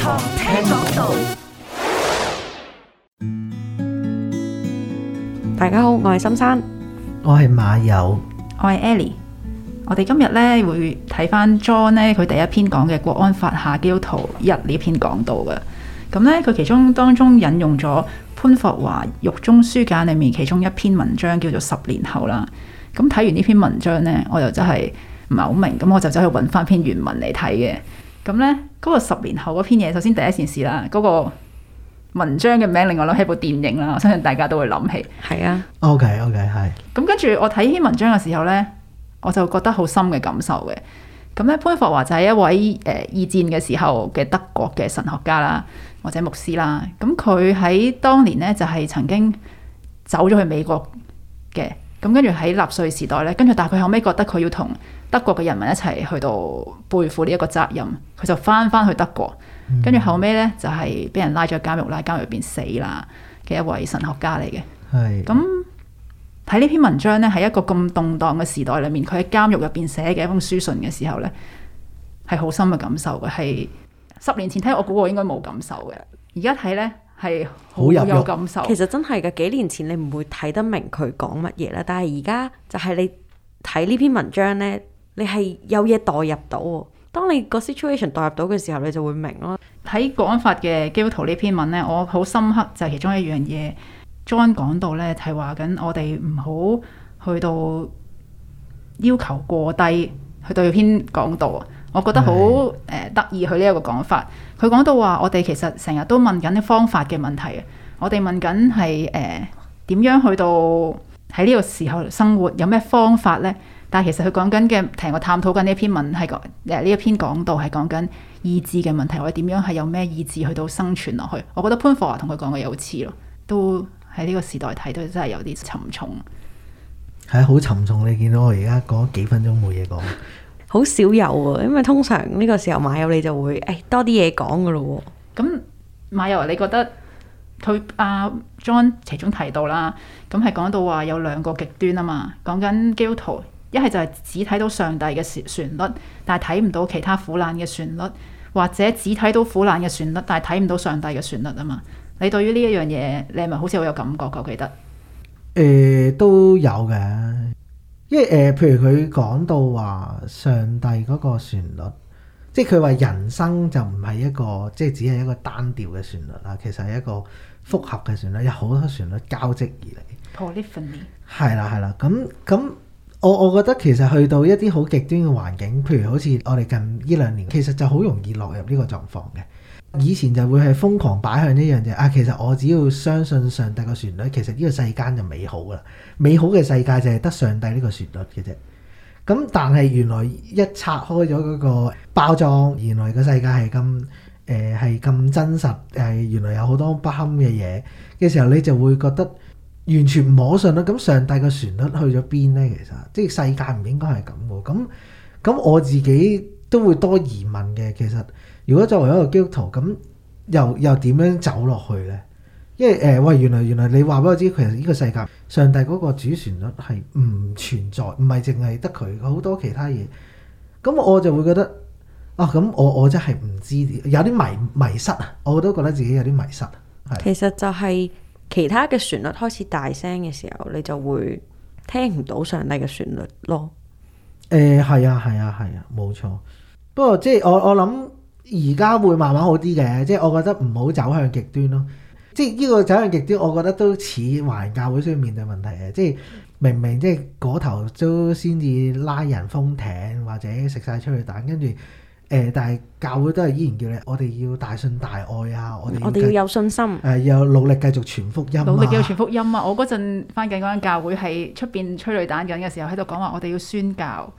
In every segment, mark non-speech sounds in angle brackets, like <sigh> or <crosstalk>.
.大家好，我係深山，我係馬友，我係 Ellie。我哋今日咧會睇翻 John 咧佢第一篇講嘅《國安法下基督徒一》呢篇講道嘅。咁咧佢其中當中引用咗潘霍華獄中書簡裏面其中一篇文章叫做《十年後》啦。咁、嗯、睇完呢篇文章咧，我又真係唔係好明，咁我就走去搵翻篇原文嚟睇嘅。咁咧，嗰、嗯、嗰個十年後嗰篇嘢，首先第一件事啦，嗰、嗰個文章嘅名令我諗起部電影啦，我相信大家都會諗起。係啊，OK OK，係、yes。嗯。咁跟住我睇呢篇文章嘅時候咧，我就覺得好深嘅感受嘅。咁、嗯、咧，潘霍華就係一位誒二、呃、二戰嘅時候嘅德國嘅神學家啦，或者牧師啦。咁佢喺當年咧就係、是、曾經走咗去美國嘅。咁、嗯、跟住喺納粹時代咧，跟住但係佢後尾覺得佢要同，德國嘅人民一齊去到背負呢一個責任，佢就翻翻去德國，跟住、嗯、後尾呢，就係、是、俾人拉咗去監獄，拉監獄入邊死啦嘅一位神學家嚟嘅。係咁睇呢篇文章呢，喺一個咁動盪嘅時代裏面，佢喺監獄入邊寫嘅一封書信嘅時候呢，係好深嘅感受嘅。係十年前睇，我估我應該冇感受嘅，而家睇呢，係好有感受。其實真係嘅，幾年前你唔會睇得明佢講乜嘢啦，但係而家就係你睇呢篇文章呢。你係有嘢，代入到，當你個 situation 代入到嘅時候，你就會明咯。睇國安法嘅基督徒呢篇文咧，我好深刻就係其中一樣嘢，John 講到咧係話緊我哋唔好去到要求過低去到篇講道，我覺得好誒得意佢呢一個講法。佢講到話我哋其實成日都問緊啲方法嘅問題啊，我哋問緊係誒點樣去到喺呢個時候生活有咩方法咧？但係其實佢講緊嘅，提我探討緊呢一篇文係講，誒呢一篇講道係講緊意志嘅問題，或者點樣係有咩意志去到生存落去？我覺得潘霍華同佢講嘅有好似咯，都喺呢個時代睇到真係有啲沉重。係好沉重！你見到我而家講幾分鐘冇嘢講，好 <laughs> 少有啊，因為通常呢個時候買友你就會，誒、哎、多啲嘢講嘅咯喎。咁買友，你覺得佢阿、啊、John 其中提到啦，咁、嗯、係講到話有兩個極端啊嘛，講緊一係就係只睇到上帝嘅旋律，但係睇唔到其他苦難嘅旋律；或者只睇到苦難嘅旋律，但係睇唔到上帝嘅旋律啊嘛！你對於呢一樣嘢，你係咪好似好有感覺？記唔記得、欸？誒都有嘅，因為誒，呃、譬如佢講到話上帝嗰個旋律，即係佢話人生就唔係一個，即係只係一個單調嘅旋律啦。其實係一個複合嘅旋律，有好多旋律交織而嚟。Polyphony 係啦，係啦，咁咁。我我覺得其實去到一啲好極端嘅環境，譬如好似我哋近呢兩年，其實就好容易落入呢個狀況嘅。以前就會係瘋狂擺向呢樣嘢，啊，其實我只要相信上帝個旋律，其實呢個世界就美好㗎啦。美好嘅世界就係得上帝呢個旋律嘅啫。咁但係原來一拆開咗嗰個包裝，原來個世界係咁誒係咁真實，係原來有好多不堪嘅嘢嘅時候，你就會覺得，完全唔可信啦！咁上帝嘅旋律去咗邊呢？其實即係世界唔應該係咁嘅。咁咁我自己都會多疑問嘅。其實如果作為一個基督徒，咁又又點樣走落去呢？因為誒喂、呃，原來原來你話俾我知，其實呢個世界上帝嗰個主旋律係唔存在，唔係淨係得佢，好多其他嘢。咁我就會覺得啊，咁我我真係唔知，有啲迷迷失啊！我都覺得自己有啲迷失。其實就係、是。其他嘅旋律開始大聲嘅時候，你就會聽唔到上帝嘅旋律咯。誒、呃，係啊，係啊，係啊，冇錯。不過即係我我諗而家會慢慢好啲嘅，即係我覺得唔好走向極端咯。即係呢、這個走向極端，我覺得都似懷教會需要面對問題嘅，即係明明即係嗰頭都先至拉人封艇或者食晒出去蛋，跟住。誒，但係教會都係依然叫你，我哋要大信大愛啊！我哋我哋要有信心，誒、呃，要努力繼續傳福音、啊。努力繼續傳福音啊！我嗰陣翻緊嗰間教會，喺出邊催淚彈緊嘅時候，喺度講話：我哋要宣教，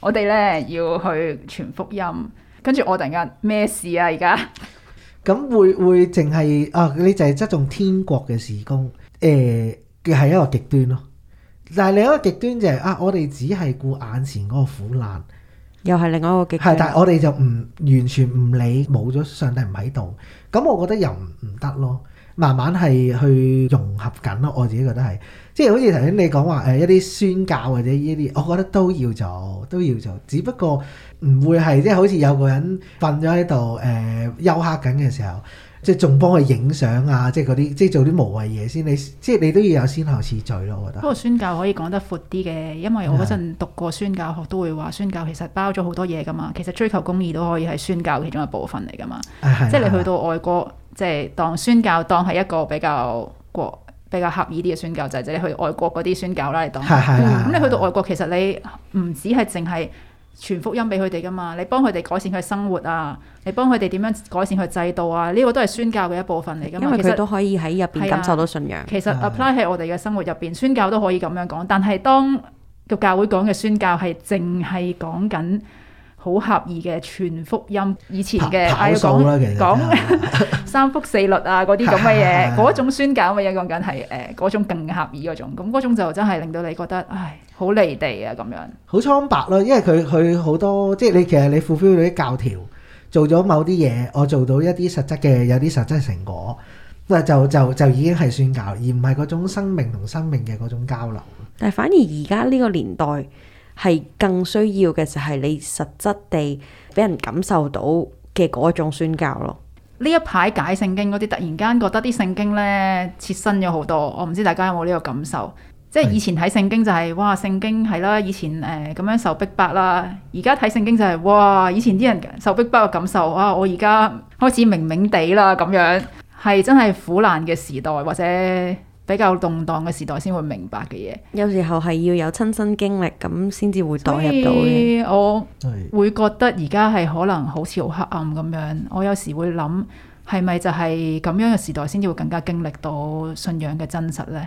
我哋咧要去傳福音。跟住我突然間咩事啊？而家咁會會淨係啊？你就係側重天國嘅事工，誒、啊，嘅係一個極端咯。但係另一個極端就係、是、啊，我哋只係顧眼前嗰個苦難。又係另外一個極端，係，但係我哋就唔完全唔理，冇咗上帝唔喺度，咁我覺得又唔唔得咯。慢慢係去融合緊咯，我自己覺得係，即係好似頭先你講話誒，一啲宣教或者呢啲，我覺得都要做，都要做，只不過唔會係即係好似有個人瞓咗喺度誒，休克緊嘅時候。即係仲幫佢影相啊！即係嗰啲，即係做啲無謂嘢先你。你即係你都要有先後次序咯，我覺得。不過宣教可以講得闊啲嘅，因為我嗰陣讀過宣教學都會話，宣教其實包咗好多嘢㗎嘛。其實追求公義都可以係宣教其中一部分嚟㗎嘛。哎、即係你去到外國，即係當宣教當係一個比較國比較合意啲嘅宣教就係、是、你去外國嗰啲宣教啦，你當。係咁、嗯、你去到外國，其實你唔止係淨係。全福音俾佢哋噶嘛？你幫佢哋改善佢生活啊，你幫佢哋點樣改善佢制度啊？呢個都係宣教嘅一部分嚟噶嘛？其實都可以喺入邊感受到信仰。其實 apply 喺我哋嘅生活入邊，life, 嗯、宣教都可以咁樣講。但係當個教會講嘅宣教係淨係講緊。好狹義嘅全福音，以前嘅係講講三福四律啊嗰啲咁嘅嘢，嗰 <laughs> 種宣教啊，而家講緊係誒嗰種更狹義嗰種，咁嗰種就真係令到你覺得，唉，好離地啊咁樣。好蒼白咯，因為佢佢好多即係你其實你 fulfill 嗰啲教條，做咗某啲嘢，我做到一啲實質嘅有啲實質成果，就就就已經係宣教，而唔係嗰種生命同生命嘅嗰種交流。但係反而而家呢個年代，係更需要嘅就係、是、你實質地俾人感受到嘅嗰種宣教咯。呢一排解聖經嗰啲，突然間覺得啲聖經呢切身咗好多，我唔知大家有冇呢個感受？即係以前睇聖經就係、是、哇，聖經係啦，以前誒咁、呃、樣受逼迫啦，而家睇聖經就係、是、哇，以前啲人受逼迫嘅感受，哇，我而家開始明明地啦咁樣，係真係苦難嘅時代或者比較動盪嘅時代先會明白嘅嘢，有時候係要有親身經歷咁先至會代入到。我會覺得而家係可能好似好黑暗咁樣，我有時會諗係咪就係咁樣嘅時代先至會更加經歷到信仰嘅真實呢？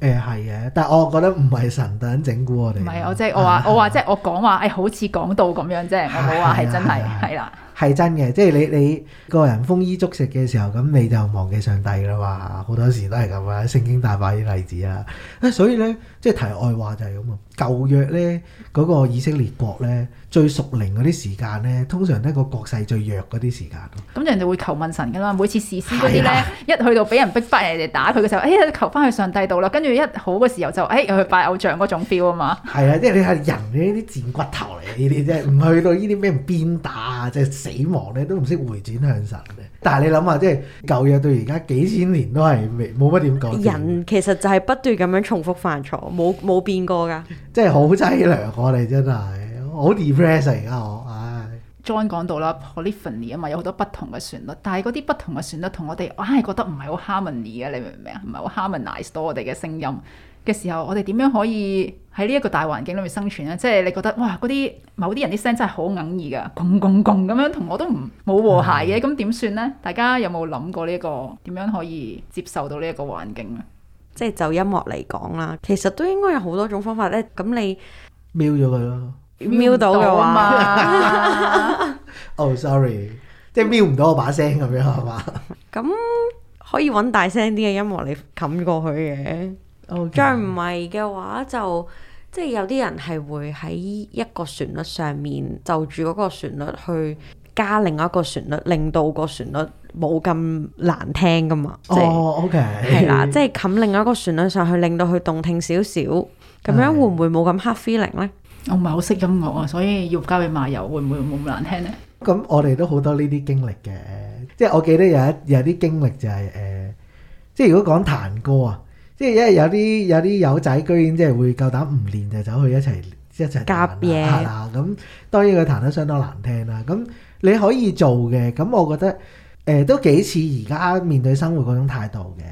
誒、欸，係嘅，但係我覺得唔係神等整蠱我哋，唔係，我即係我話的我話即係我講話，誒的，好似講到咁樣啫，我冇話係真係，係啦。係真嘅，即係你你個人豐衣足食嘅時候，咁你就忘記上帝啦嘛。好多時都係咁啊，聖經大把啲例子啊。所以呢，即係題外話就係咁啊。舊約呢，嗰、嗰個以色列國呢，最屬靈嗰啲時間呢，通常咧個國勢最弱嗰啲時間。咁人哋會求問神噶啦，每次事事嗰啲呢，的一去到俾人逼翻，人哋打佢嘅時候，哎求翻去上帝度啦。跟住一好嘅時候就哎又去拜偶像嗰種 feel 啊嘛。係啊，即係你係人呢啲賤骨頭嚟，呢啲啫，唔去到呢啲俾人鞭打啊，即係 <laughs> <laughs> 死亡咧都唔識回轉向神嘅，但係你諗下，即係舊嘢到而家幾千年都係未冇乜點改變。人其實就係不斷咁樣重複犯錯，冇冇變過㗎。 <laughs> 即係好凄涼，我哋真係好 depressed 而家我。唉、哎、John 講到啦，polyphony 啊嘛，有好多不同嘅旋律，但係嗰啲不同嘅旋律同我哋硬係覺得唔係好 harmony 啊，你明唔明啊？唔係好 harmonize 到我哋嘅聲音。嘅時候，我哋點樣可以喺呢一個大環境裏面生存咧？即係你覺得哇，嗰啲某啲人啲聲真係好哽耳㗎，拱拱拱咁樣，同我都唔冇和諧嘅，咁點、嗯、算咧？大家有冇諗過呢、這、一個點樣可以接受到呢一個環境啊？即係就音樂嚟講啦，其實都應該有好多種方法咧。咁你瞄咗佢咯，瞄到嘅話，哦、 <laughs> <laughs> oh,，sorry，即係瞄唔到我把聲咁樣係嘛？咁 <laughs> <laughs> 可以揾大聲啲嘅音樂嚟冚過去嘅。再唔係嘅話就即係有啲人係會喺一個旋律上面就住嗰個旋律去加另外一個旋律，令到個旋律冇咁難聽㗎嘛。哦、oh，OK，係啦，即係冚另外一個旋律上去，令到佢動聽少少，咁樣會唔會冇咁黑 feeling 呢？的我唔係好識音樂啊，所以要交俾馬友，會唔會冇咁難聽呢？咁我哋都好多呢啲經歷嘅，即係我記得有一有啲經歷就係、是、誒、呃，即係如果講彈歌啊。即係因為有啲有啲友仔，居然即係會夠膽唔練就走去一齊一齊夾嘢，係啦。咁當然佢彈得相當難聽啦。咁你可以做嘅，咁我覺得誒、呃、都幾似而家面對生活嗰種態度嘅。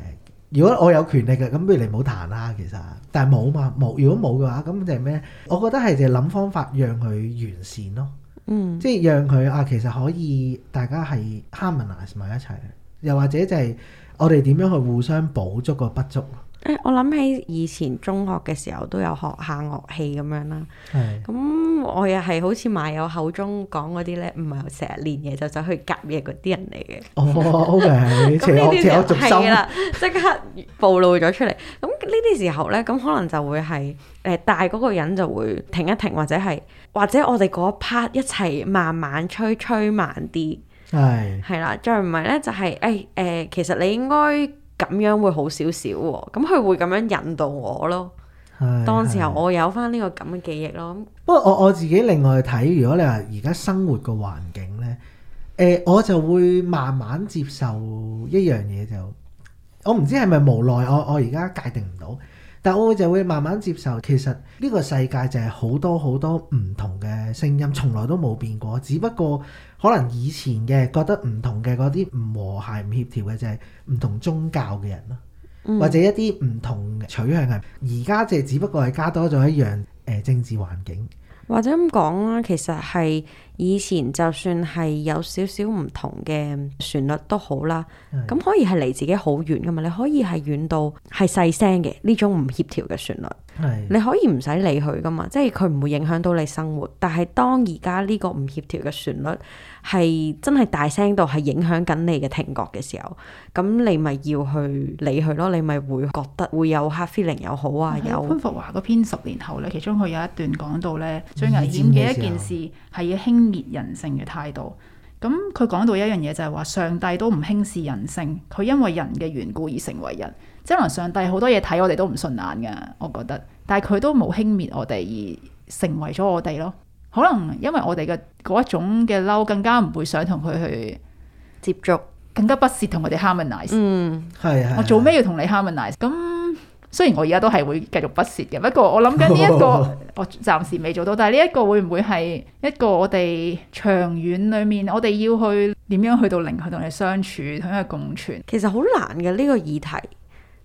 如果我有權力嘅，咁不如你唔好彈啦。其實，但係冇嘛冇。如果冇嘅話，咁就係咩？我覺得係就係諗方法讓佢完善咯。嗯，即係讓佢啊，其實可以大家係 harmonize 埋一齊，又或者就係我哋點樣去互相補足個不足。誒，我諗起以前中學嘅時候都有學下樂器咁樣啦，咁是我又係好似馬友口中講嗰啲咧，唔係成日練嘢就走去夾嘢嗰啲人嚟嘅。哦，O K，我我即刻暴露咗出嚟。咁呢啲時候咧，咁可能就會係誒，帶嗰個人就會停一停，或者係或者我哋嗰一 part 一齊慢慢吹，吹慢啲。係是。係啦，再唔係咧就係誒誒，其實你應該。咁樣會好少少喎，咁佢會咁樣引導我咯。當時候我有返呢個咁嘅記憶咯。不過我我自己另外睇，如果你話而家生活嘅環境呢，誒，我就會慢慢接受一樣嘢，就我唔知係咪無奈，我我而家界定唔到，但係我就會慢慢接受，其實呢個世界就係好多好多唔同嘅聲音，從來都冇變過，只不過，可能以前嘅覺得唔同嘅，嗰啲唔和諧、唔協調嘅就係、是、唔同宗教嘅人咯，嗯、或者一啲唔同取向嘅。而家就只不過係加多咗一樣誒、呃、政治環境，或者咁講啦。其實係以前就算係有少少唔同嘅旋律都好啦，咁的可以係離自己好遠㗎嘛。你可以係遠到係細聲嘅呢種唔協調嘅旋律。你可以唔使理佢噶嘛，即係佢唔會影響到你生活。但係當而家呢個唔協調嘅旋律係真係大聲到係影響緊你嘅聽覺嘅時候，咁你咪要去理佢咯。你咪會覺得會有黑 feeling 又好啊。的有潘霍華嗰篇十年後咧，其中佢有一段講到咧，最危險嘅一件事係要輕蔑人性嘅態度。咁佢講到一樣嘢就係話，上帝都唔輕視人性，佢因為人嘅緣故而成為人。即能上帝好多嘢睇我哋都唔順眼嘅，我覺得，但係佢都冇輕蔑我哋，而成為咗我哋咯。可能因為我哋嘅嗰一種嘅嬲，更加唔會想同佢去接觸，更加不，更加不屑同佢哋 harmonize 嗯，係係是。我做咩要同你 harmonize？咁雖然我而家都係會繼續不屑嘅，不過我諗緊呢一個，哦、我暫時未做到。但係呢一個會唔會係一個我哋長遠裏面，我哋要去點樣去到令佢同你相處，同佢共存？其實好難嘅呢、呢個議題。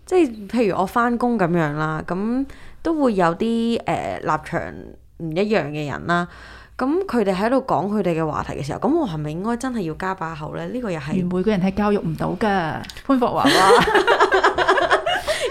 即係譬如我翻工咁樣啦，咁都會有啲誒、呃、立場唔一樣嘅人啦。咁佢哋喺度講佢哋嘅話題嘅時候，咁我係咪應該真係要加把口咧？呢、呢個又係愚昧嘅人係教育唔到㗎。潘霍華話，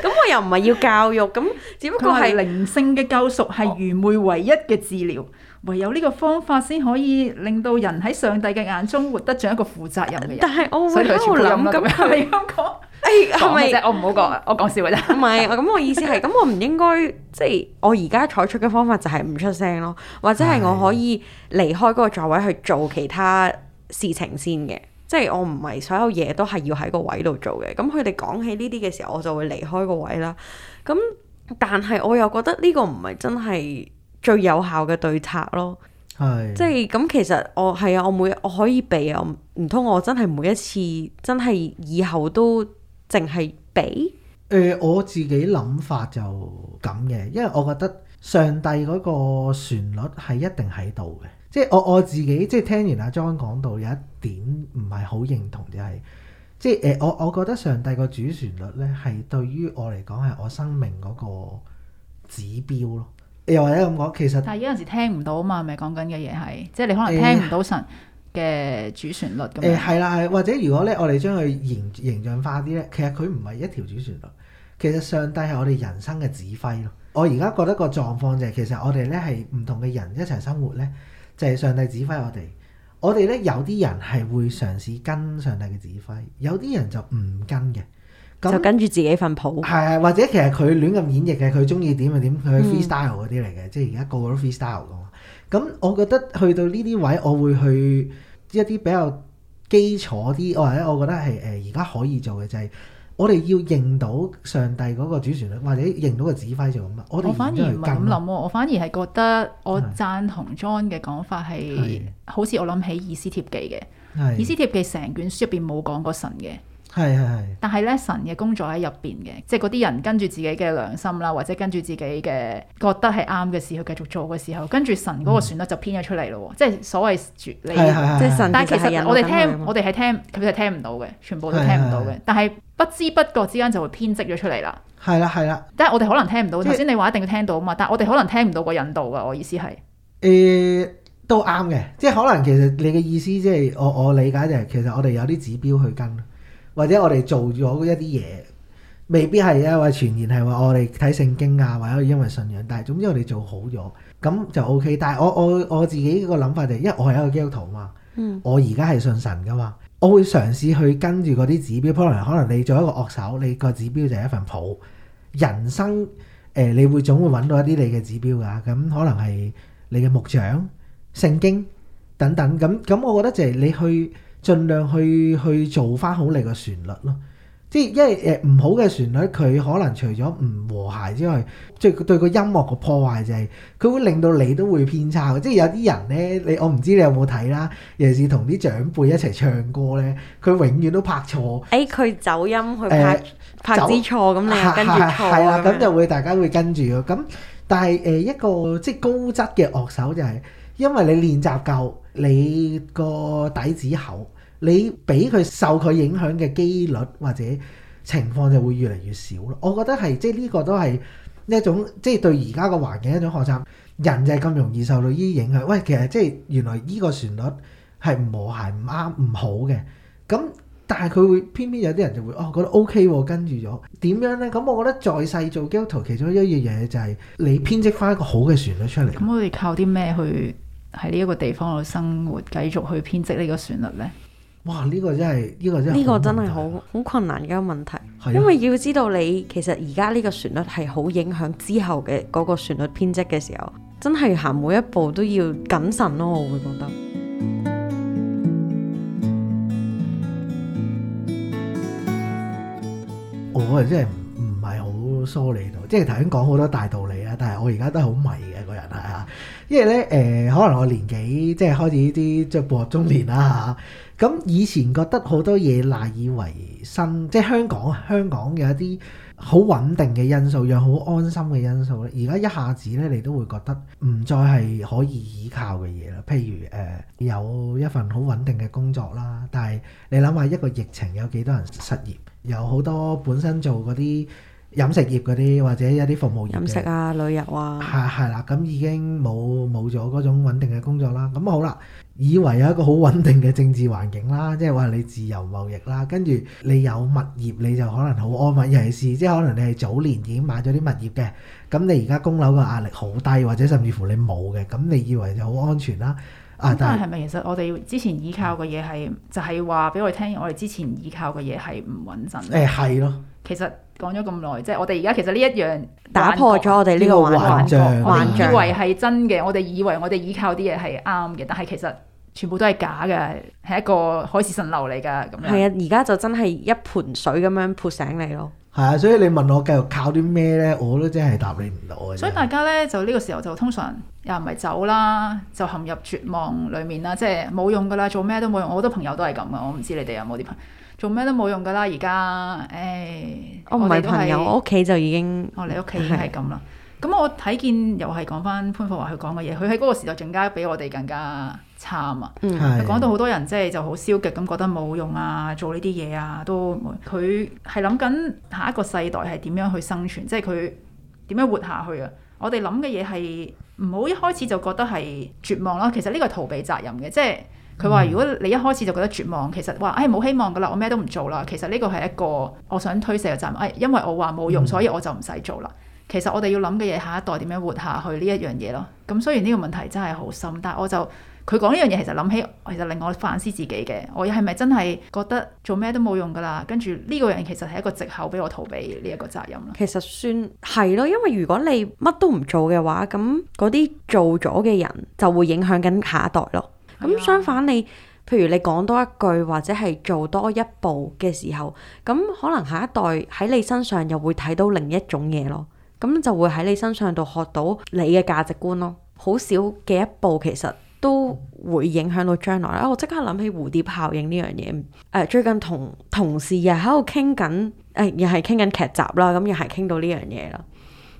咁 <laughs> <laughs> 我又唔係要教育，咁只不過係靈性嘅救贖係愚昧唯一嘅治療。唯有呢個方法先可以令到人喺上帝嘅眼中活得像一個負責任嘅人。但係我會喺度諗咁，係咪咁講？係咪我唔好講，我講笑啫。唔係，咁我意思係，咁我唔應該，即係我而家採取嘅方法就係唔出聲咯，或者係我可以離開嗰個座位去做其他事情先嘅。即係我唔係所有嘢都係要喺個位度做嘅。咁佢哋講起呢啲嘅時候，我就會離開個位啦。咁但係我又覺得呢個唔係真係最有效嘅對策咯，係是即係咁。其實我係啊，我每我可以避啊，唔通我真係每一次真係以後都淨係避？誒、呃，我自己諗法就咁嘅，因為我覺得上帝嗰個旋律係一定喺度嘅。即係我我自己即係聽完阿、啊、John 講到有一點唔係好認同、就是，就係即係、呃、誒，我我覺得上帝個主旋律呢，係對於我嚟講係我生命嗰個指標咯。又或者咁講，其實但係有陣時聽唔到啊嘛，咪講緊嘅嘢係，即係你可能聽唔到神嘅主旋律咁樣。誒係啦、嗯，係、嗯、或者如果咧，我哋將佢形形象化啲咧，其實佢唔係一條主旋律，其實上帝係我哋人生嘅指揮咯。我而家覺得個狀況就係、是、其實我哋咧係唔同嘅人一齊生活咧，就係、是、上帝指揮我哋。我哋咧有啲人係會嘗試跟上帝嘅指揮，有啲人就唔跟嘅。那就跟住自己份譜，係係，或者其實佢亂咁演繹嘅，佢中意點就點，佢 freestyle 嗰啲嚟嘅。嗯、即係而家個個都 freestyle 嘅嘛。咁我覺得去到呢啲位，我會去一啲比較基礎啲，或者我覺得係誒而家可以做嘅就係、是，我哋要認到上帝嗰個主旋律，或者認到個指揮就咁啊。我，我反而唔係咁諗喎，我反而係覺得我贊同 John 嘅講法係，好似我諗起以斯帖記嘅，以斯帖記成卷書入邊冇講過神嘅。係係係，但係咧，神嘅工作喺入邊嘅，即係嗰啲人跟住自己嘅良心啦，或者跟住自己嘅覺得係啱嘅事去繼續做嘅時候，跟住神嗰個旋律就編咗出嚟咯。即係所謂絕理，即係神。但係其實我哋聽，我哋係聽佢哋聽唔到嘅，全部都聽唔到嘅。但係不知不覺之間就編織咗出嚟啦。係啦係啦，但係我哋可能聽唔到。頭先你話一定要聽到啊嘛，但我哋可能聽唔到個引導啊。我意思係誒都啱嘅，即係可能其實你嘅意思即係我我理解就係其實我哋有啲指標去跟。或者我哋做咗一啲嘢，未必係啊，或者傳言係話我哋睇聖經啊，或者因為信仰，但係總之我哋做好咗，咁就 OK 但。但係我我我自己個諗法就係、是、因為我係一個基督徒嘛，我而家係信神噶嘛，我會嘗試去跟住嗰啲指標，可能可能你做一個樂手，你個指標就係一份譜，人生誒、呃、你會總會揾到一啲你嘅指標噶。咁可能係你嘅牧長、聖經等等。咁、嗯、咁，我覺得就係你去。盡量去去做翻好你個旋律咯，即係因為誒唔好嘅旋律，佢可能除咗唔和諧之外，即係對個音樂嘅破壞就係、是、佢會令到你都會偏差。即係有啲人呢，你我唔知你有冇睇啦，尤其是同啲長輩一齊唱歌呢，佢永遠都拍錯，誒佢、欸、走音去拍、欸、拍、拍子錯，咁走你又跟住錯。係啊，咁、啊啊、就會大家會跟住咯。咁但係誒、呃、一個即係高質嘅樂手就係、是、因為你練習夠，你個底子厚。你俾佢受佢影響嘅機率或者情況就會越嚟越少咯。我覺得係即係呢個都係一種即係對而家個環境一種學習。人就係咁容易受到呢啲影響。喂，其實即係原來呢個旋律係唔和諧、唔啱、唔好嘅。咁但係佢會偏偏有啲人就會哦覺得 OK 跟住咗。點樣呢？咁我覺得在世做基 u i 其中一樣嘢就係你編織翻一個好嘅旋律出嚟。咁我哋靠啲咩去喺呢一個地方度生活，繼續去編織呢個旋律呢？哇！呢個真係，呢個真呢個真係好好困難嘅問題，因為要知道你其實而家呢個旋律係好影響之後嘅嗰個旋律編織嘅時候，真係行每一步都要謹慎咯。我會覺得我啊，真係唔係好梳理到，即係頭先講好多大道理啊。但係我而家都係好迷嘅個人嚟啊，因為呢，誒、呃，可能我年紀即係開始啲即係步入中年啦。咁以前覺得好多嘢賴以為生，即係香港香港有一啲好穩定嘅因素，又好安心嘅因素咧。而家一下子咧，你都會覺得唔再係可以依靠嘅嘢啦。譬如誒、呃，有一份好穩定嘅工作啦，但係你諗下一個疫情有幾多人失業，有好多本身做嗰啲，飲食業嗰啲或者有啲服務業，飲食啊、旅遊啊，係係啦，咁已經冇冇咗嗰種穩定嘅工作啦。咁好啦，以為有一個好穩定嘅政治環境啦，即係話你自由貿易啦，跟住你有物業你就可能好安穩，尤其是即係可能你係早年已經買咗啲物業嘅，咁你而家供樓嘅壓力好低，或者甚至乎你冇嘅，咁你以為就好安全啦。咁、啊、但係咪其實我哋之前依靠嘅嘢係就係話俾我哋聽，我哋之前依靠嘅嘢係唔穩陣？誒係咯。其實講咗咁耐，即係我哋而家其實呢一樣打破咗我哋呢個幻象，幻象 <laughs> 以為係真嘅，的我哋以為我哋依靠啲嘢係啱嘅，但係其實全部都係假嘅，係一個海市蜃樓嚟噶。咁樣係啊，而家就真係一盆水咁樣潑醒你咯。係啊，所以你問我繼續靠啲咩呢？我都真係答你唔到。所以大家呢，就呢個時候就通常又唔係走啦，就陷入絕望裏面啦，即係冇用噶啦，做咩都冇用。好多朋友都係咁噶，我唔知你哋有冇啲朋友。做咩都冇用噶啦，而家誒我唔係朋友，屋企就已經我哋屋企已經係咁啦。咁的我睇見又係講翻潘霍華佢講嘅嘢，佢喺嗰個時代更加比我哋更加慘啊！佢講的到好多人即係就好消極咁覺得冇用啊，做呢啲嘢啊都佢係諗緊下一個世代係點樣去生存，即係佢點樣活下去啊？我哋諗嘅嘢係唔好一開始就覺得係絕望囉，其實呢個逃避責任嘅，即係。佢話：如果你一開始就覺得絕望，其實話唉冇希望噶啦，我咩都唔做啦。其實呢個係一個我想推卸嘅責任。唉、哎，因為我話冇用，所以我就唔使做啦。其實我哋要諗嘅嘢，下一代點樣活下去呢一樣嘢咯。咁雖然呢個問題真係好深，但係我就佢講呢樣嘢，其實諗起其實令我反思自己嘅。我係咪真係覺得做咩都冇用噶啦？跟住呢個人其實係一個藉口俾我逃避呢一個責任咯。其實算係咯，因為如果你乜都唔做嘅話，咁嗰啲做咗嘅人就會影響緊下一代咯。咁相反你，你譬如你講多一句或者係做多一步嘅時候，咁可能下一代喺你身上又會睇到另一種嘢咯。咁就會喺你身上度學到你嘅價值觀咯。好少嘅一步其實都會影響到將來。啊、我即刻諗起蝴蝶效應呢樣嘢。誒、呃，最近同同事又喺度傾緊，誒、呃、又係傾緊劇集啦。咁又係傾到呢樣嘢啦。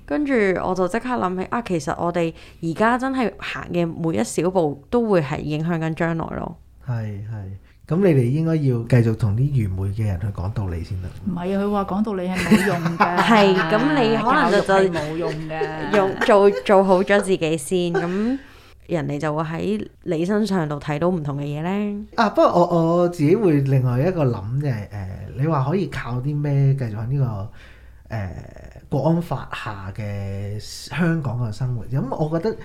跟住我就即刻諗起啊，其實我哋而家真係行嘅每一小步，都會係影響緊將來咯。係係，咁你哋應該要繼續同啲愚昧嘅人去講道理先得。唔係啊，佢話講道理係冇用㗎。係，咁你可能就就冇用嘅，用做做好咗自己先，咁人哋就會喺你身上度睇到唔同嘅嘢咧。啊，不過我我自己會另外一個諗嘅，誒，你話可以靠啲咩繼續喺呢個誒，國安法下嘅香港嘅生活，咁、嗯、我覺得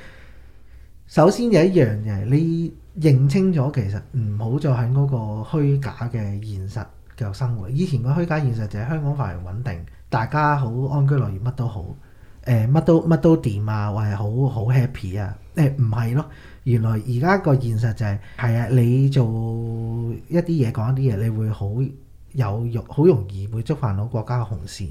首先有一樣嘢，你認清咗，其實唔好再喺嗰個虛假嘅現實嘅生活。以前個虛假現實就係香港繁榮穩定，大家好安居樂業，乜都好，誒、呃、乜都乜都掂啊，或係好好 happy 啊。誒，唔係咯，原來而家個現實就係、是，係啊，你做一啲嘢講一啲嘢，你會好有容好容易會觸犯到國家嘅紅線。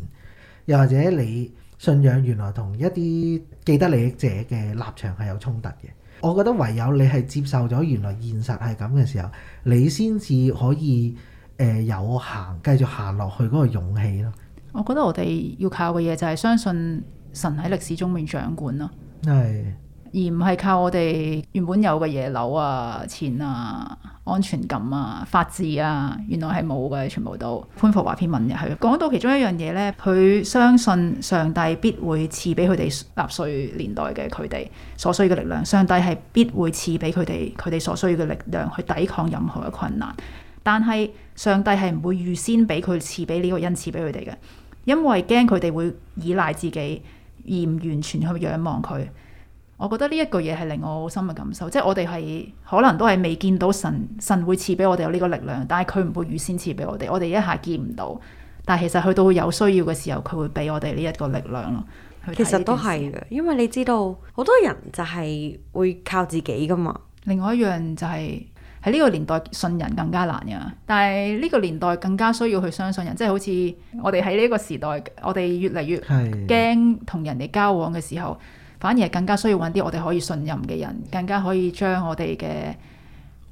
又或者你信仰原來同一啲既得利益者嘅立場係有衝突嘅。我覺得唯有你係接受咗原來現實係咁嘅時候，你先至可以誒、呃、有行繼續行落去嗰個勇氣咯。我覺得我哋要靠嘅嘢就係相信神喺歷史中面掌管咯。係、哎。而唔係靠我哋原本有嘅嘢、樓啊、錢啊、安全感啊、法治啊，原來係冇嘅，全部都潘霍華篇文嘅。去講到其中一樣嘢呢，佢相信上帝必會賜俾佢哋納稅年代嘅佢哋所需嘅力量。上帝係必會賜俾佢哋佢哋所需要嘅力量去抵抗任何嘅困難。但係上帝係唔會預先俾佢賜俾呢個恩賜俾佢哋嘅，因為驚佢哋會依賴自己而唔完全去仰望佢。我覺得呢一句嘢係令我好深嘅感受，即係我哋係可能都係未見到神，神會賜俾我哋有呢個力量，但係佢唔會預先賜俾我哋，我哋一下見唔到。但係其實去到有需要嘅時候，佢會俾我哋呢一個力量咯。其實都係嘅，因為你知道好多人就係會靠自己噶嘛。另外一樣就係喺呢個年代，信人更加難呀，但係呢個年代更加需要去相信人，即係好似我哋喺呢個時代，我哋越嚟越驚同人哋交往嘅時候。反而係更加需要揾啲我哋可以信任嘅人，更加可以將我哋嘅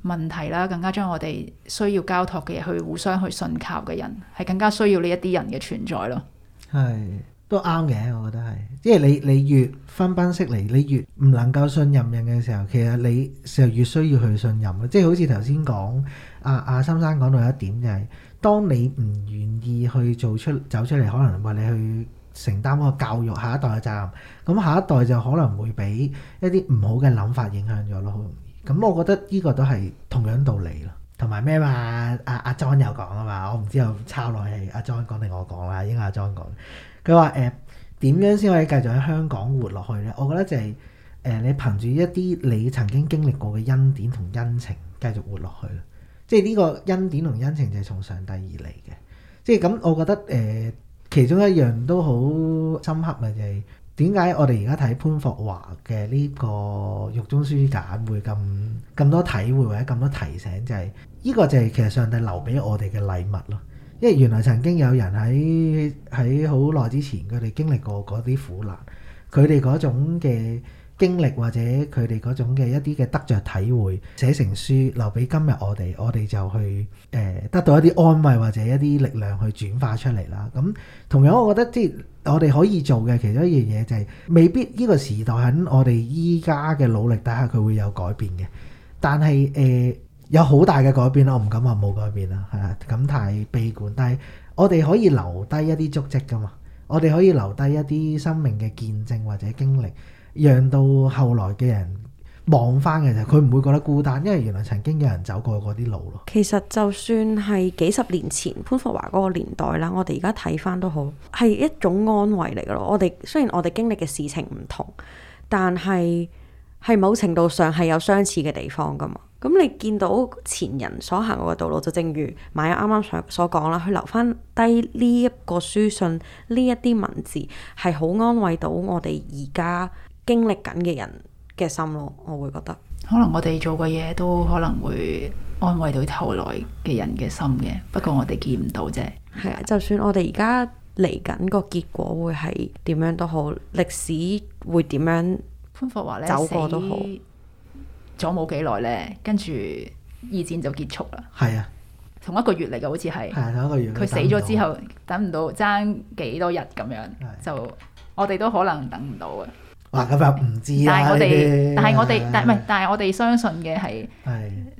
問題啦，更加將我哋需要交託嘅嘢去互相去信靠嘅人，係更加需要呢一啲人嘅存在咯。係，都啱嘅，我覺得係。即係你你越分崩離析，你越唔能夠信任人嘅時候，其實你就越需要去信任咯。即係好似頭先講，啊啊，阿阿三生講到一點就係、係，當你唔願意去做出走出嚟，可能話你去。承擔個教育下一代嘅責任，咁下一代就可能會俾一啲唔好嘅諗法影響咗咯，好容易。咁我覺得呢個都係同樣道理咯。同埋咩話？阿阿莊有講啊嘛、啊，我唔知又抄落去。阿莊講定我講啦，應該阿莊講。佢話誒點樣先可以繼續喺香港活落去呢？我覺得就係、是、誒、呃、你憑住一啲你曾經經歷過嘅恩典同恩情繼續活落去。即係呢個恩典同恩情就係從上帝而嚟嘅。即係咁，我覺得誒。呃其中一樣都好深刻嘅就係，點解我哋而家睇潘霍華嘅呢個《獄中書簡》會咁咁多體會，或者咁多提醒，就係呢個就係其實上帝留俾我哋嘅禮物咯。因為原來曾經有人喺喺好耐之前佢哋經歷過嗰啲苦難，佢哋嗰種嘅經歷或者佢哋嗰種嘅一啲嘅得着體會，寫成書留俾今日我哋，我哋就去誒、呃、得到一啲安慰或者一啲力量去轉化出嚟啦。咁、嗯、同樣，我覺得即係我哋可以做嘅其中一樣嘢就係、是，未必呢個時代喺我哋依家嘅努力底下佢會有改變嘅，但係誒、呃、有好大嘅改變啦。我唔敢話冇改變啦，係啊，咁太悲觀。但係我哋可以留低一啲足跡噶嘛，我哋可以留低一啲生命嘅見證或者經歷。讓到後來嘅人望翻嘅就係佢唔會覺得孤單，因為原來曾經有人走過嗰啲路咯。其實就算係幾十年前潘霍華嗰個年代啦，我哋而家睇翻都好係一種安慰嚟嘅咯。我哋雖然我哋經歷嘅事情唔同，但係係某程度上係有相似嘅地方噶嘛。咁你見到前人所行過嘅道路，就正如馬友啱啱所所講啦，佢留翻低呢一個書信，呢一啲文字係好安慰到我哋而家經歷緊嘅人嘅心咯，我會覺得可能我哋做嘅嘢，都可能會安慰到後來嘅人嘅心嘅，不過我哋見唔到啫。係啊，就算我哋而家嚟緊個結果會係點樣都好，歷史會點樣？潘霍華咧，走過都好，咗冇幾耐呢，跟住二戰就結束啦。係啊的，同一個月嚟嘅好似係。係同一個月。佢死咗之後，等唔到爭幾多日咁樣，的就我哋都可能等唔到啊。唔知啊！但係我哋，些但係我哋，係，係但唔係，但係我哋相信嘅係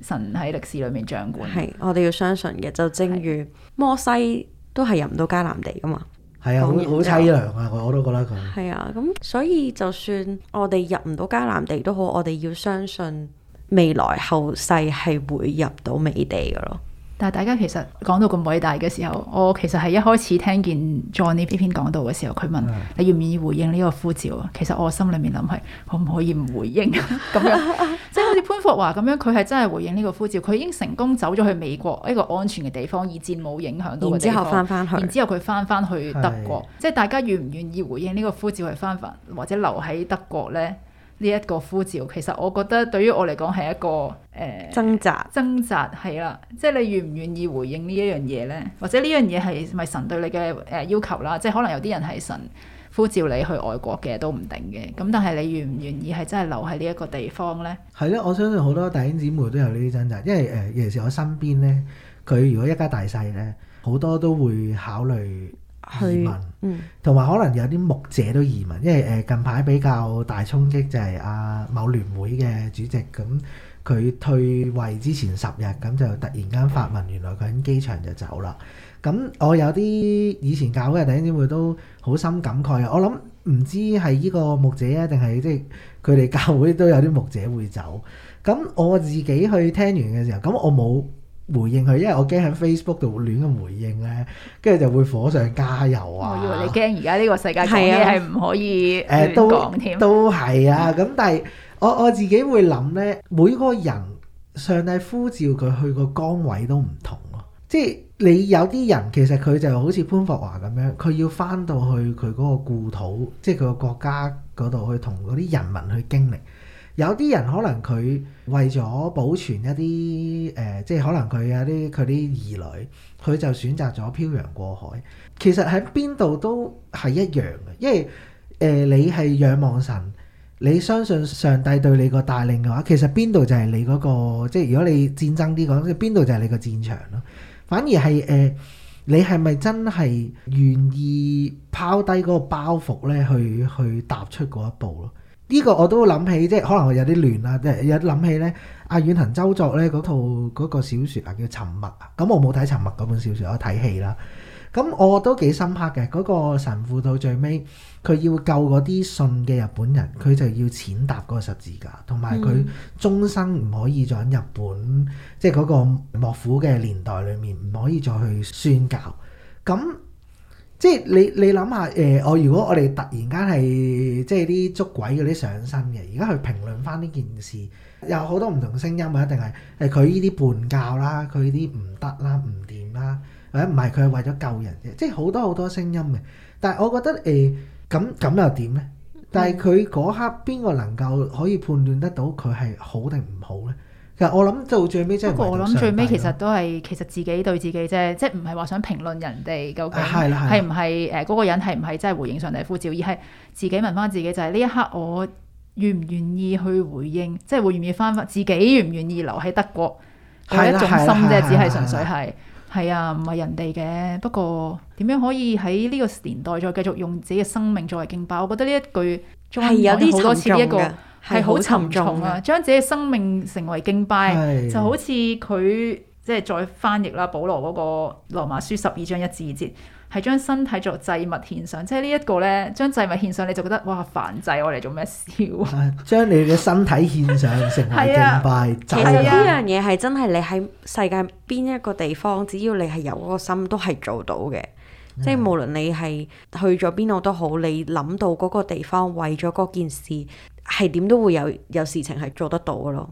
神喺歷史裏面掌管。係，我哋要相信嘅就正如摩西都係入唔到迦南地噶嘛。係啊，好好講完 淒涼啊！說我都覺得佢係啊。咁所以就算我哋入唔到迦南地都好，我哋要相信未來後世係會入到美地嘅咯。但係大家其實講到咁偉大嘅時候，我其實係一開始聽見 John 呢篇講道嘅時候，佢問、嗯、你願唔願意回應呢個呼召啊？其實我心裡面諗係，可唔可以唔回應咁樣， <laughs> 即係好似潘霍華咁樣，佢係真係回應呢個呼召，佢已經成功走咗去美國一個安全嘅地方，以至冇影響到。然之後翻翻去，然之後佢翻翻去德國，是即係大家願唔願意回應呢個呼召係翻返或者留喺德國呢？呢一個呼召，其實我覺得對於我嚟講係一個誒、呃、掙扎，掙扎係啊，即係你願唔願意回應呢一樣嘢呢？或者呢樣嘢係咪神對你嘅誒、呃、要求啦？即係可能有啲人係神呼召你去外國嘅都唔定嘅。咁但係你願唔願意係真係留喺呢一個地方呢？係咧，我相信好多弟兄姊妹都有呢啲掙扎，因為誒、呃、尤其是我身邊呢，佢如果一家大細呢，好多都會考慮。移民，嗯，同埋可能有啲牧者都移民，因為誒近排比較大衝擊就係阿某聯會嘅主席，咁佢退位之前十日，咁就突然間發文，原來佢喺機場就走啦。咁我有啲以前教會嘅弟兄姊妹都好深感慨啊！我諗唔知係呢個牧者啊，定係即係佢哋教會都有啲牧者會走。咁我自己去聽完嘅時候，咁我冇回應佢，因為我驚喺 Facebook 度亂咁回應咧，跟住就會火上加油啊！我以為你驚而家呢個世界講嘢係唔可以誒都講添，都係啊！咁但係我我自己會諗咧，每個人上帝呼召佢去個崗位都唔同咯。即係你有啲人其實佢就好似潘霍華咁樣，佢要翻到去佢嗰個故土，即係佢個國家嗰度去同嗰啲人民去經歷。有啲人可能佢為咗保存一啲誒、呃，即係可能佢有啲佢啲兒女，佢就選擇咗漂洋過海。其實喺邊度都係一樣嘅，因為誒、呃、你係仰望神，你相信上帝對你個帶領嘅話，其實邊度就係你嗰個，即係如果你戰爭啲講，即係邊度就係你個戰場咯。反而係誒、呃，你係咪真係願意拋低嗰個包袱咧，去去踏出嗰一步咯？呢個我都諗起，即係可能我有啲亂啦，即係有啲諗起咧。阿遠藤周作咧嗰套嗰個小説啊，叫《沉默》啊。咁我冇睇《沉默》嗰本小説，我睇戲啦。咁我都幾深刻嘅。嗰、那個神父到最尾，佢要救嗰啲信嘅日本人，佢就要踐踏個十字架，同埋佢終生唔可以再喺日本，即係嗰個幕府嘅年代裏面唔可以再去宣教。咁。即係你你諗下誒，我、呃、如果我哋突然間係即係啲捉鬼嗰啲上身嘅，而家去評論翻呢件事，有好多唔同聲音啊，一定係係佢呢啲叛教啦，佢啲唔得啦，唔掂啦，或者唔係佢係為咗救人嘅，即係好多好多聲音嘅。但係我覺得誒，咁、呃、咁又點呢？但係佢嗰刻邊個能夠可以判斷得到佢係好定唔好呢？嗱，我諗到最尾不過，我諗最尾其實都係其實自己對自己啫，即係唔係話想評論人哋究竟係唔係誒嗰個人係唔係真係回應上帝呼召，而係自己問翻自己，就係呢一刻我願唔願意去回應，即係會唔願意翻翻自己願唔願意留喺德國？係一種心啫，只係純粹係係啊，唔係人哋嘅。不過點樣可以喺呢個年代再繼續用自己嘅生命作為敬拜？我覺得呢一句仲係有啲沉重嘅。係好沉重啊！將自己生命成為敬拜，是就好似佢即係再翻譯啦。保羅嗰個羅馬書十二章一至二節，係將身體作祭物獻上，即係呢一個呢，將祭物獻上，你就覺得哇！凡祭我嚟做咩事啊？將你嘅身體獻上，成為敬拜。 <laughs> 啊、其實呢樣嘢係真係你喺世界邊一個地方，只要你係有嗰個心，都係做到嘅。嗯、即係無論你係去咗邊度都好，你諗到嗰個地方，為咗嗰件事。係點都會有有事情係做得到嘅咯，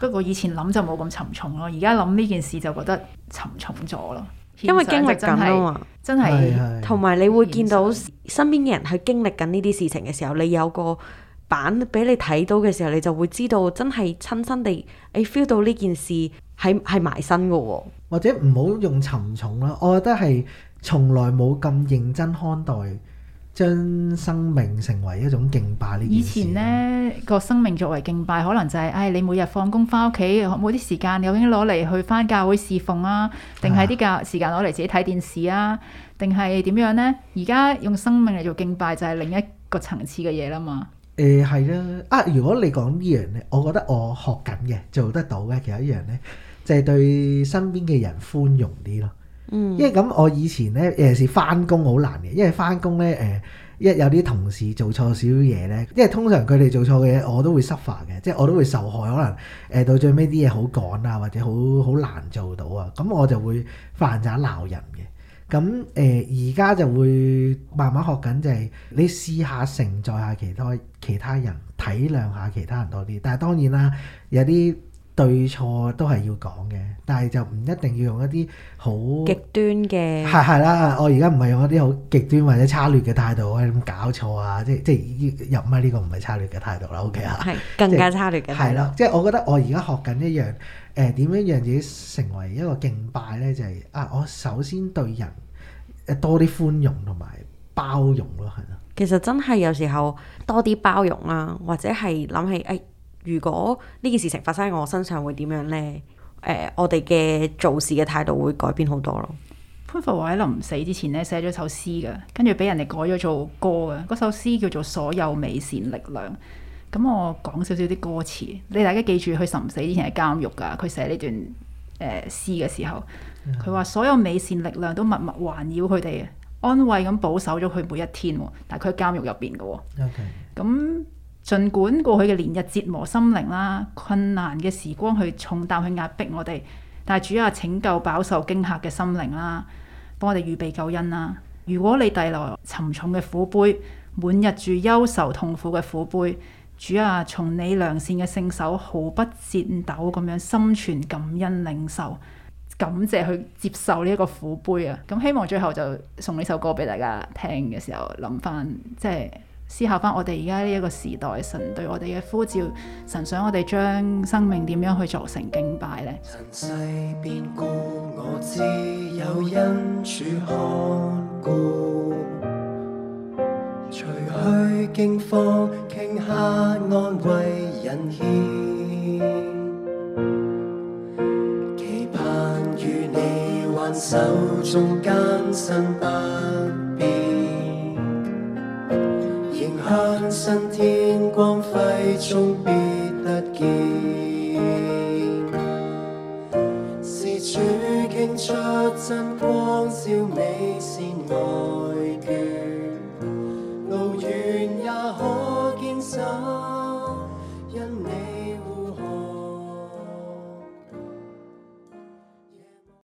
不過以前諗就冇咁沉重咯，而家諗呢件事就覺得沉重咗咯，因為經歷緊啊嘛，真係是，同埋是你會見到身邊嘅人去經歷緊呢啲事情嘅時候，你有個版俾你睇到嘅時候，你就會知道真係親身地，你 feel 到呢件事係係埋身嘅，或者唔好用沉重啦，我覺得係從來冇咁認真看待。將生命成為一種敬拜呢件事、啊、以前呢、那個生命作為敬拜，可能就係、是、誒、哎、你每日放工翻屋企，冇啲時間，你究竟攞嚟去翻教會侍奉啊，定係啲教時間攞嚟自己睇電視啊，定係點樣呢？而家用生命嚟做敬拜就係、是、另一個層次嘅嘢啦嘛。誒係啦，啊如果你講呢樣咧，我覺得我學緊嘅做得到嘅其實一樣呢，就係、是、對身邊嘅人寬容啲咯。嗯，因為咁我以前咧，尤其是返工好難嘅，因為返工咧，誒、呃，一有啲同事做錯少少嘢咧，因為通常佢哋做錯嘅嘢我都會 suffer 嘅，即係我都會受害，可能誒、呃、到最尾啲嘢好趕啊，或者好好難做到啊，咁我就會發爛渣鬧人嘅。咁誒而家就會慢慢學緊、就係，就係你試下承載下其他其他人，體諒下其他人多啲。但係當然啦，有啲。對錯都係要講嘅，但係就唔一定要用一啲好極端嘅係係啦。我而家唔係用一啲好極端或者差劣嘅態度去咁搞錯啊！即係即係入乜呢個唔係差劣嘅態度啦，OK 啊？係更加差劣嘅係咯。即係我覺得我而家學緊一樣誒，點樣讓自己成為一個敬拜呢？就係啊，我首先對人多啲寬容同埋包容咯，係咯。其實真係有時候多啲包容啊，或者係諗起誒。哎如果呢件事情發生喺我身上，會點樣呢？呃、我哋嘅做事嘅態度會改變好多咯。潘霍華喺臨死之前咧寫咗首詩嘅，跟住俾人哋改咗做歌嘅。嗰首詩叫做《所有美善力量》。咁我講少少啲歌詞，你大家記住佢臨死之前喺監獄噶，佢寫呢段誒、呃、詩嘅時候，佢話所有美善力量都默默環繞佢哋，安慰咁保守咗佢每一天。但係佢喺監獄入邊嘅，咁 Okay.、嗯。盡管過去嘅連日折磨心靈啦，困難嘅時光去重擔去壓迫我哋，但係主啊，拯救飽受驚嚇嘅心靈啦，幫我哋預備救恩啦。如果你帶來沉重嘅苦杯，滿日住憂愁痛苦嘅苦杯，主啊從你良善嘅聖手毫不顫抖咁樣心存感恩領受，感謝去接受呢一個苦杯啊。咁希望最後就送呢首歌俾大家聽嘅時候諗翻，即係。思考翻我哋而家呢一個時代，神對我哋嘅呼召，神想我哋將生命點樣去做成敬拜呢？人世故，我知有因除去慌，安慰期盼你挽手，咧？新天光輝中終得見，是主傾出真光照美善我。